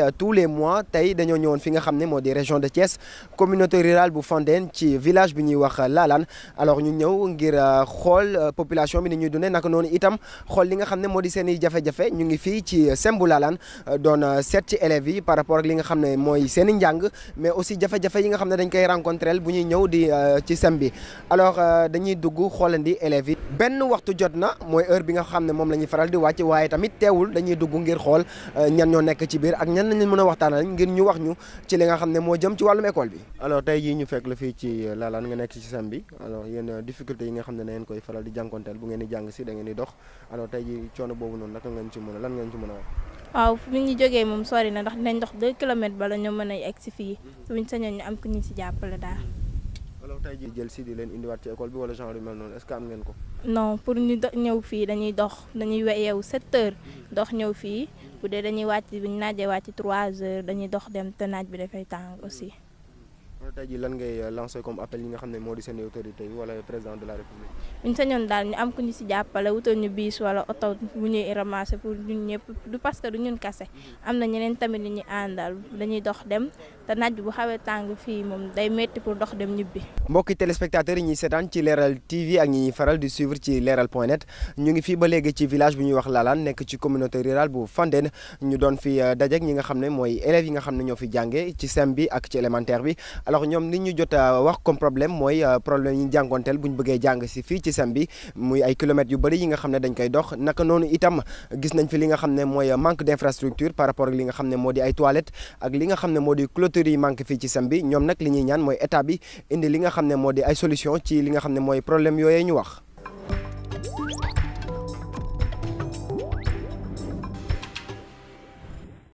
Euh, tous les mois tey dañoo ñëwoon fi nga xam ne moo di région de Thiès communauté rurale bu Fandène ci village bi ñuy wax Lalane alors ñu ñëw ngir euh, xool euh, population bi ni ñuy dundee naka noonu itam xool li nga xam ne moo di seen i jafe ñu ngi fii ci Sembu Lalane doon seet ci élèves rapport ak li nga xam ne mooy seen i njàng mais aussi jafe-jafe yi nga xam ne dañ koy rencontrel bu ñuy ñëw di ci sem bi alors dañuy dugg xoolandi élèves yi benn waxtu jot na mooy heure bi nga xam ne moom la ñuy faral di wàcc waaye tamit teewul dañuy dugg ngir xool ñan mën a waxtaanal ngir ñu wax ñu ci li nga xam ne moo jëm ci wàllum école bi. alors tey jii ñu fekk la fii ci euh, Lalane nga nekk ci système bi alors yéen euh, difficulté yi nga xam ne da ngeen koy lan mhm. ngeen ko. non pour ñu ñëw fii dañuy dox dañuy yeewu 7 mhm. dox ñëw fii bu dee dañuy wàcc bu ñu naajee wàcc trois heures dañuy dox dem te naaj bi dafay tàng aussi. Euh, tey jii lan ngay euh, lancé comme appel yi nga xam ne moo di seen autorité yi wala président de la république. bu ñëpp parce que du ñun kase mhm. am na ñeneen tamit ñu ñuy àndal dañuy dox dem te naaj bu xawee tàng fii moom day métti pour dox dem ñibbi. mbokki téléspectateurs yi ñuy seetaan ci leeral TV ak ñi ñuy faral di suivre ci leeral point net ñu ngi fii ba léegi ci village bu ñuy wax Lalane nekk ci communauté rurale bu Fandène ñu doon fi euh, dajeek ñi nga xam ne mooy élèves yi nga xam ne ñoo fi jàngee ci sem bi ak ci élémentaire bi ndox ñoom li ñu jot a wax comme problème mooy euh, problème yi ñu jànkonteel bu ñu bëggee jàng si fii ci sem bi muy ay kilomètres yu bari yi nga xam ne dañ koy dox naka noonu itam gis nañ fi li nga xam ne mooy euh, manque d' par rapport ak li nga xam ne moo di ay toilettes ak li nga xam ne moo di clôture yi manque fii ci sem bi ñoom nag li ñuy ñaan mooy état bi indi li nga xam ne moo di ay solution ci li nga xam ne mooy problème yooyee ñu wax